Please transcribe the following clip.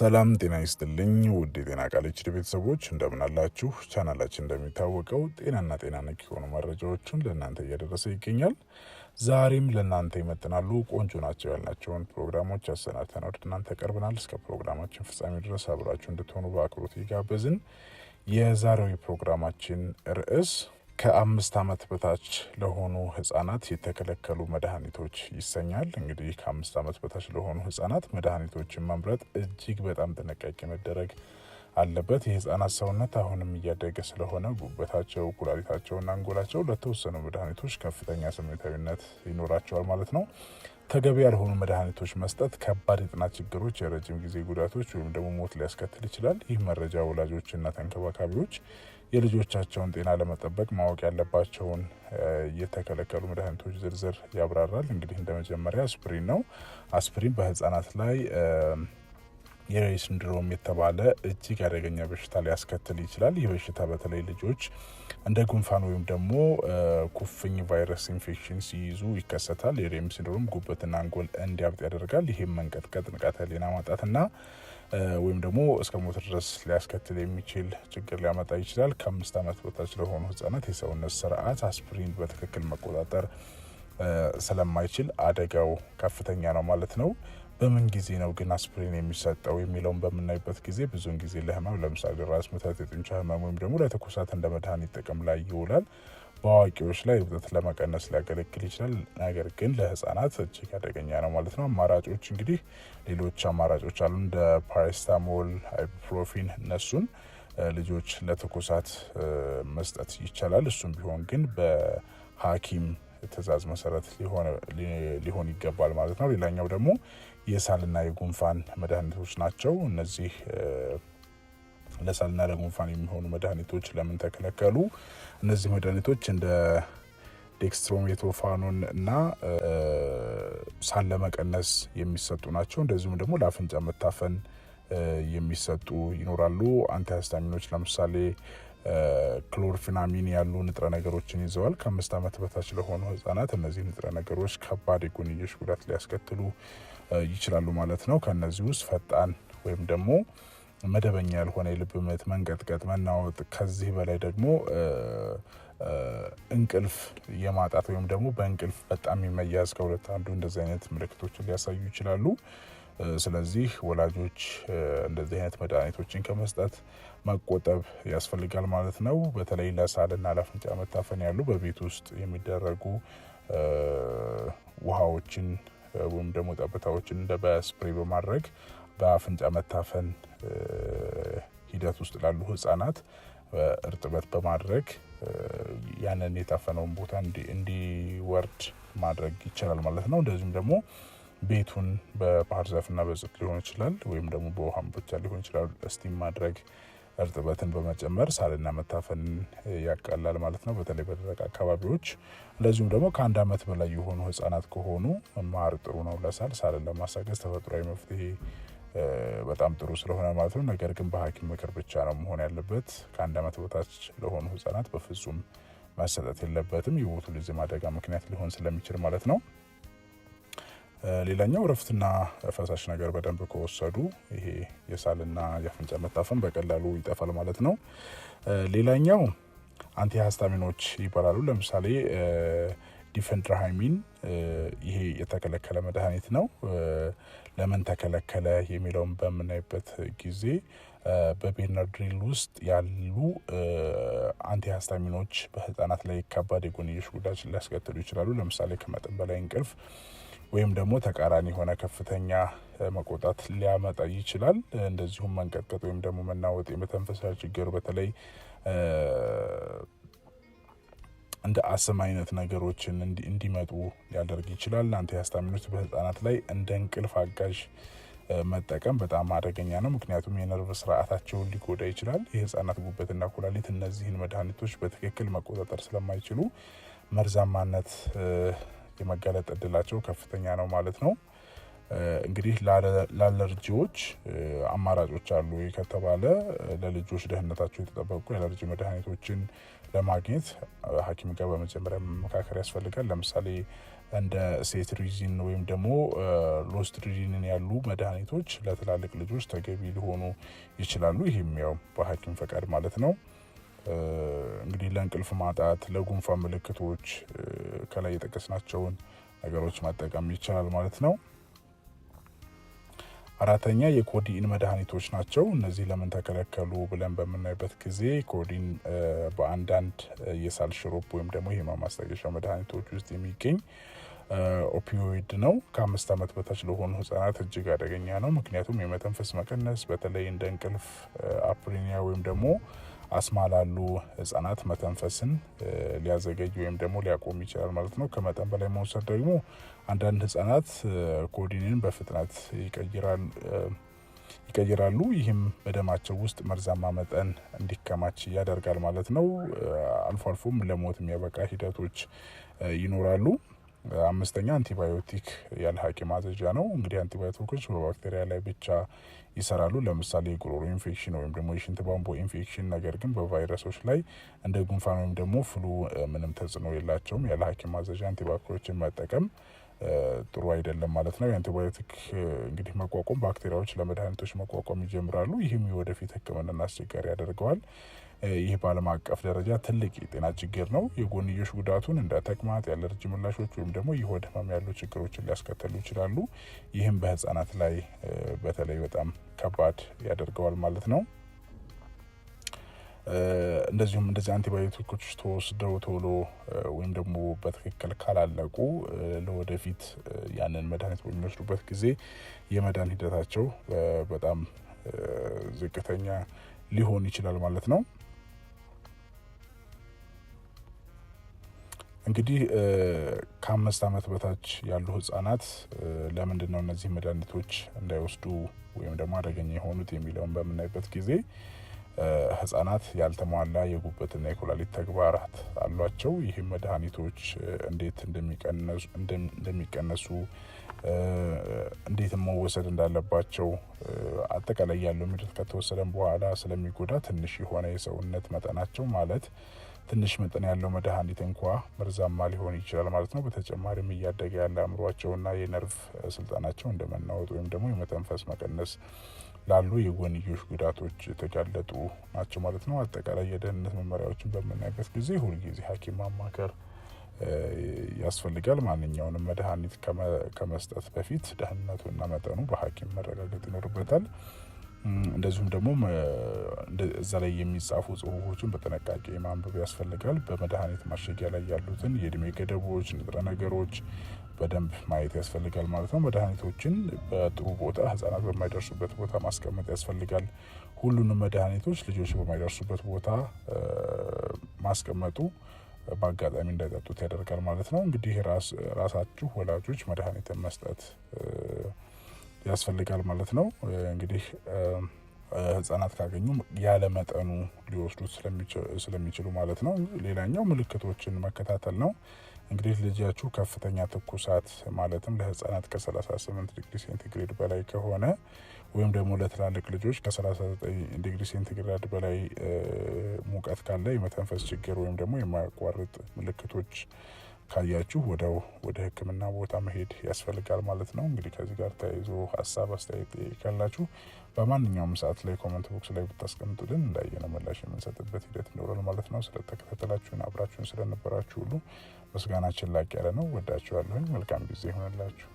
ሰላም ጤና ይስጥልኝ ውድ የጤና ቃል ችድ ቤተሰቦች እንደምናላችሁ። ቻናላችን እንደሚታወቀው ጤናና ጤና ነክ የሆኑ መረጃዎችን ለእናንተ እያደረሰ ይገኛል። ዛሬም ለእናንተ ይመጥናሉ ቆንጆ ናቸው ያልናቸውን ፕሮግራሞች አሰናድተን ወደ እናንተ ቀርበናል። እስከ ፕሮግራማችን ፍጻሜ ድረስ አብራችሁ እንድትሆኑ በአክብሮት ይጋበዝን። የዛሬው ፕሮግራማችን ርዕስ ከአምስት ዓመት በታች ለሆኑ ህጻናት የተከለከሉ መድኃኒቶች ይሰኛል። እንግዲህ ከአምስት ዓመት በታች ለሆኑ ህጻናት መድኃኒቶችን መምረጥ እጅግ በጣም ጥንቃቄ መደረግ አለበት። የህጻናት ሰውነት አሁንም እያደገ ስለሆነ ጉበታቸው፣ ኩላሊታቸውና አንጎላቸው ለተወሰኑ መድኃኒቶች ከፍተኛ ስሜታዊነት ይኖራቸዋል ማለት ነው። ተገቢ ያልሆኑ መድኃኒቶች መስጠት ከባድ የጤና ችግሮች፣ የረጅም ጊዜ ጉዳቶች ወይም ደግሞ ሞት ሊያስከትል ይችላል። ይህ መረጃ ወላጆችና ተንከባካቢዎች የልጆቻቸውን ጤና ለመጠበቅ ማወቅ ያለባቸውን የተከለከሉ መድኃኒቶች ዝርዝር ያብራራል። እንግዲህ እንደ መጀመሪያ አስፕሪን ነው። አስፕሪን በህጻናት ላይ የሬይ ሲንድሮም የተባለ እጅግ አደገኛ በሽታ ሊያስከትል ይችላል። ይህ በሽታ በተለይ ልጆች እንደ ጉንፋን ወይም ደግሞ ኩፍኝ ቫይረስ ኢንፌክሽን ሲይዙ ይከሰታል። የሬም ሲንድሮም ጉበትና አንጎል እንዲያብጥ ያደርጋል። ይህም መንቀጥቀጥ፣ ንቃተ ህሊና ማጣትና ወይም ደግሞ እስከ ሞት ድረስ ሊያስከትል የሚችል ችግር ሊያመጣ ይችላል። ከአምስት ዓመት በታች ለሆኑ ህጻናት የሰውነት ስርዓት አስፕሪን በትክክል መቆጣጠር ስለማይችል አደጋው ከፍተኛ ነው ማለት ነው። በምን ጊዜ ነው ግን አስፕሪን የሚሰጠው የሚለውን በምናይበት ጊዜ ብዙውን ጊዜ ለህመም ለምሳሌ ራስ ምታት፣ የጡንቻ ህመም ወይም ደግሞ ለትኩሳት እንደ መድኃኒት ጥቅም ላይ ይውላል። በአዋቂዎች ላይ እብጠት ለመቀነስ ሊያገለግል ይችላል። ነገር ግን ለህጻናት እጅግ አደገኛ ነው ማለት ነው። አማራጮች እንግዲህ ሌሎች አማራጮች አሉ እንደ ፓሬስታሞል፣ አይፕሮፊን እነሱን ልጆች ለትኩሳት መስጠት ይቻላል። እሱም ቢሆን ግን በሐኪም ትዕዛዝ መሰረት ሊሆን ይገባል ማለት ነው። ሌላኛው ደግሞ የሳልና የጉንፋን መድኃኒቶች ናቸው። እነዚህ ለሳልና ለጉንፋን የሚሆኑ መድኃኒቶች ለምን ተከለከሉ? እነዚህ መድኃኒቶች እንደ ዴክስትሮሜቶፋኑን እና ሳል ለመቀነስ የሚሰጡ ናቸው። እንደዚሁም ደግሞ ለአፍንጫ መታፈን የሚሰጡ ይኖራሉ። አንቲሂስታሚኖች ለምሳሌ ክሎርፊናሚን ያሉ ንጥረ ነገሮችን ይዘዋል። ከአምስት ዓመት በታች ለሆኑ ህጻናት እነዚህ ንጥረ ነገሮች ከባድ የጎንዮሽ ጉዳት ሊያስከትሉ ይችላሉ ማለት ነው። ከእነዚህ ውስጥ ፈጣን ወይም ደግሞ መደበኛ ያልሆነ የልብ ምት፣ መንቀጥቀጥ፣ መናወጥ ከዚህ በላይ ደግሞ እንቅልፍ የማጣት ወይም ደግሞ በእንቅልፍ በጣም የሚመያዝ ከሁለት አንዱ እንደዚህ አይነት ምልክቶችን ሊያሳዩ ይችላሉ። ስለዚህ ወላጆች እንደዚህ አይነት መድኃኒቶችን ከመስጠት መቆጠብ ያስፈልጋል ማለት ነው። በተለይ ለሳልና ለአፍንጫ መታፈን ያሉ በቤት ውስጥ የሚደረጉ ውሃዎችን ወይም ደግሞ ጠብታዎችን እንደ በስፕሬ በማድረግ በአፍንጫ መታፈን ሂደት ውስጥ ላሉ ህጻናት እርጥበት በማድረግ ያንን የታፈነውን ቦታ እንዲወርድ ማድረግ ይቻላል ማለት ነው። እንደዚሁም ደግሞ ቤቱን በባህር ዛፍና በጽድ ሊሆን ይችላል፣ ወይም ደግሞ በውሃ ብቻ ሊሆን ይችላል። እስቲም ማድረግ እርጥበትን በመጨመር ሳልና መታፈንን ያቃላል ማለት ነው፣ በተለይ በደረቅ አካባቢዎች። እንደዚሁም ደግሞ ከአንድ ዓመት በላይ የሆኑ ህጻናት ከሆኑ ማር ጥሩ ነው ለሳል፣ ሳልን ለማሳገዝ ተፈጥሯዊ መፍትሄ በጣም ጥሩ ስለሆነ ማለት ነው። ነገር ግን በሐኪም ምክር ብቻ ነው መሆን ያለበት። ከአንድ ዓመት በታች ለሆኑ ህጻናት በፍጹም መሰጠት የለበትም። የቦቱሊዝም አደጋ ምክንያት ሊሆን ስለሚችል ማለት ነው። ሌላኛው እረፍትና ፈሳሽ ነገር በደንብ ከወሰዱ ይሄ የሳልና የአፍንጫ መታፈን በቀላሉ ይጠፋል ማለት ነው። ሌላኛው አንቲሃስታሚኖች ይባላሉ። ለምሳሌ ዲፈንድራሃሚን ይሄ የተከለከለ መድኃኒት ነው። ለምን ተከለከለ የሚለውን በምናይበት ጊዜ በቤናድሪል ውስጥ ያሉ አንቲሃስታሚኖች በህጻናት ላይ ከባድ የጎንዮሽ ጉዳት ሊያስከትሉ ይችላሉ። ለምሳሌ ከመጠን በላይ እንቅልፍ ወይም ደግሞ ተቃራኒ የሆነ ከፍተኛ መቆጣት ሊያመጣ ይችላል። እንደዚሁም መንቀጥቀጥ ወይም ደግሞ መናወጥ፣ የመተንፈሻ ችግር በተለይ እንደ አስም አይነት ነገሮችን እንዲመጡ ሊያደርግ ይችላል። አንቲ ሂስታሚኖች በህፃናት ላይ እንደ እንቅልፍ አጋዥ መጠቀም በጣም አደገኛ ነው። ምክንያቱም የነርቭ ስርዓታቸውን ሊጎዳ ይችላል። የህፃናት ጉበትና ኩላሊት እነዚህን መድኃኒቶች በትክክል መቆጣጠር ስለማይችሉ መርዛማነት የመጋለጥ እድላቸው ከፍተኛ ነው ማለት ነው። እንግዲህ ለአለርጂዎች አማራጮች አሉ ከተባለ ለልጆች ደህንነታቸው የተጠበቁ የአለርጂ መድኃኒቶችን ለማግኘት ሐኪም ጋር በመጀመሪያ መመካከር ያስፈልጋል። ለምሳሌ እንደ ሴትሪዚን ወይም ደግሞ ሎስትሪዚንን ያሉ መድኃኒቶች ለትላልቅ ልጆች ተገቢ ሊሆኑ ይችላሉ። ይህም ያው በሐኪም ፈቃድ ማለት ነው። እንግዲህ ለእንቅልፍ ማጣት፣ ለጉንፋ ምልክቶች ከላይ የጠቀስናቸውን ነገሮች መጠቀም ይቻላል ማለት ነው። አራተኛ የኮዲን መድኃኒቶች ናቸው። እነዚህ ለምን ተከለከሉ ብለን በምናይበት ጊዜ ኮዲን በአንዳንድ የሳል ሽሮፕ ወይም ደግሞ የህመም ማስታገሻ መድኃኒቶች ውስጥ የሚገኝ ኦፒዮይድ ነው። ከአምስት ዓመት በታች ለሆኑ ህጻናት እጅግ አደገኛ ነው። ምክንያቱም የመተንፈስ መቀነስ፣ በተለይ እንደ እንቅልፍ አፕሪኒያ ወይም ደግሞ አስማ ላሉ ህጻናት መተንፈስን ሊያዘገይ ወይም ደግሞ ሊያቆም ይችላል ማለት ነው። ከመጠን በላይ መውሰድ ደግሞ አንዳንድ ህጻናት ኮዲንን በፍጥነት ይቀይራሉ። ይህም በደማቸው ውስጥ መርዛማ መጠን እንዲከማች ያደርጋል ማለት ነው። አልፎ አልፎም ለሞት የሚያበቃ ሂደቶች ይኖራሉ። አምስተኛ አንቲባዮቲክ ያለ ሐኪም ማዘዣ ነው። እንግዲህ አንቲባዮቲኮች በባክቴሪያ ላይ ብቻ ይሰራሉ። ለምሳሌ የጉሮሮ ኢንፌክሽን ወይም ደግሞ የሽንት ቧንቧ ኢንፌክሽን። ነገር ግን በቫይረሶች ላይ እንደ ጉንፋን ወይም ደግሞ ፍሉ ምንም ተጽዕኖ የላቸውም። ያለ ሐኪም ማዘዣ አንቲባዮቲኮችን መጠቀም ጥሩ አይደለም ማለት ነው። የአንቲባዮቲክ እንግዲህ መቋቋም ባክቴሪያዎች ለመድኃኒቶች መቋቋም ይጀምራሉ። ይህም የወደፊት ሕክምናን አስቸጋሪ ያደርገዋል። ይህ በዓለም አቀፍ ደረጃ ትልቅ የጤና ችግር ነው። የጎንዮሽ ጉዳቱን እንደ ተቅማጥ ያለ ምላሾች ወይም ደግሞ የሆድ ህመም ያሉ ችግሮችን ሊያስከተሉ ይችላሉ። ይህም በህጻናት ላይ በተለይ በጣም ከባድ ያደርገዋል ማለት ነው። እንደዚሁም እንደዚህ አንቲባዮቲኮች ተወስደው ቶሎ ወይም ደግሞ በትክክል ካላለቁ ለወደፊት ያንን መድኃኒት በሚወስዱበት ጊዜ የመዳን ሂደታቸው በጣም ዝቅተኛ ሊሆን ይችላል ማለት ነው። እንግዲህ ከአምስት ዓመት በታች ያሉ ህጻናት ለምንድን ነው እነዚህ መድኃኒቶች እንዳይወስዱ ወይም ደግሞ አደገኛ የሆኑት የሚለውን በምናይበት ጊዜ ህጻናት ያልተሟላ የጉበትና የኩላሊት ተግባራት አሏቸው። ይህም መድኃኒቶች እንዴት እንደሚቀነሱ እንዴት መወሰድ እንዳለባቸው አጠቃላይ ያለው ምድር ከተወሰደን በኋላ ስለሚጎዳ ትንሽ የሆነ የሰውነት መጠናቸው ማለት ትንሽ መጠን ያለው መድኃኒት እንኳ መርዛማ ሊሆን ይችላል ማለት ነው። በተጨማሪም እያደገ ያለ አእምሯቸውና የነርቭ ስልጣናቸው እንደመናወጥ ወይም ደግሞ የመተንፈስ መቀነስ ላሉ የጎንዮሽ ጉዳቶች የተጋለጡ ናቸው ማለት ነው። አጠቃላይ የደህንነት መመሪያዎችን በምናይበት ጊዜ ሁልጊዜ ሐኪም ማማከር ያስፈልጋል። ማንኛውንም መድኃኒት ከመስጠት በፊት ደህንነቱና መጠኑ በሐኪም መረጋገጥ ይኖርበታል። እንደዚሁም ደግሞ እዛ ላይ የሚጻፉ ጽሁፎችን በጥንቃቄ ማንበብ ያስፈልጋል። በመድኃኒት ማሸጊያ ላይ ያሉትን የእድሜ ገደቦች፣ ንጥረ ነገሮች በደንብ ማየት ያስፈልጋል ማለት ነው። መድኃኒቶችን በጥሩ ቦታ፣ ህጻናት በማይደርሱበት ቦታ ማስቀመጥ ያስፈልጋል። ሁሉንም መድኃኒቶች ልጆች በማይደርሱበት ቦታ ማስቀመጡ በአጋጣሚ እንዳይጠጡት ያደርጋል ማለት ነው። እንግዲህ ራሳችሁ ወላጆች መድኃኒትን መስጠት ያስፈልጋል ማለት ነው። እንግዲህ ህጻናት ካገኙ ያለ መጠኑ ሊወስዱት ስለሚችሉ ማለት ነው። ሌላኛው ምልክቶችን መከታተል ነው። እንግዲህ ልጃችሁ ከፍተኛ ትኩሳት ማለትም ለህጻናት ከ38 ዲግሪ ሴንቲግሬድ በላይ ከሆነ ወይም ደግሞ ለትላልቅ ልጆች ከ39 ዲግሪ ሴንቲግራድ በላይ ሙቀት ካለ የመተንፈስ ችግር ወይም ደግሞ የማያቋርጥ ምልክቶች ካያችሁ ወደው ወደ ህክምና ቦታ መሄድ ያስፈልጋል ማለት ነው። እንግዲህ ከዚህ ጋር ተያይዞ ሀሳብ አስተያየት ካላችሁ በማንኛውም ሰዓት ላይ ኮመንት ቦክስ ላይ ብታስቀምጡልን እንዳየነው ምላሽ የምንሰጥበት ሂደት ይኖራል ማለት ነው። ስለተከታተላችሁን አብራችሁን ስለነበራችሁ ሁሉ ምስጋናችን ላቅ ያለ ነው። ወዳችኋለሁኝ። መልካም ጊዜ ይሆንላችሁ።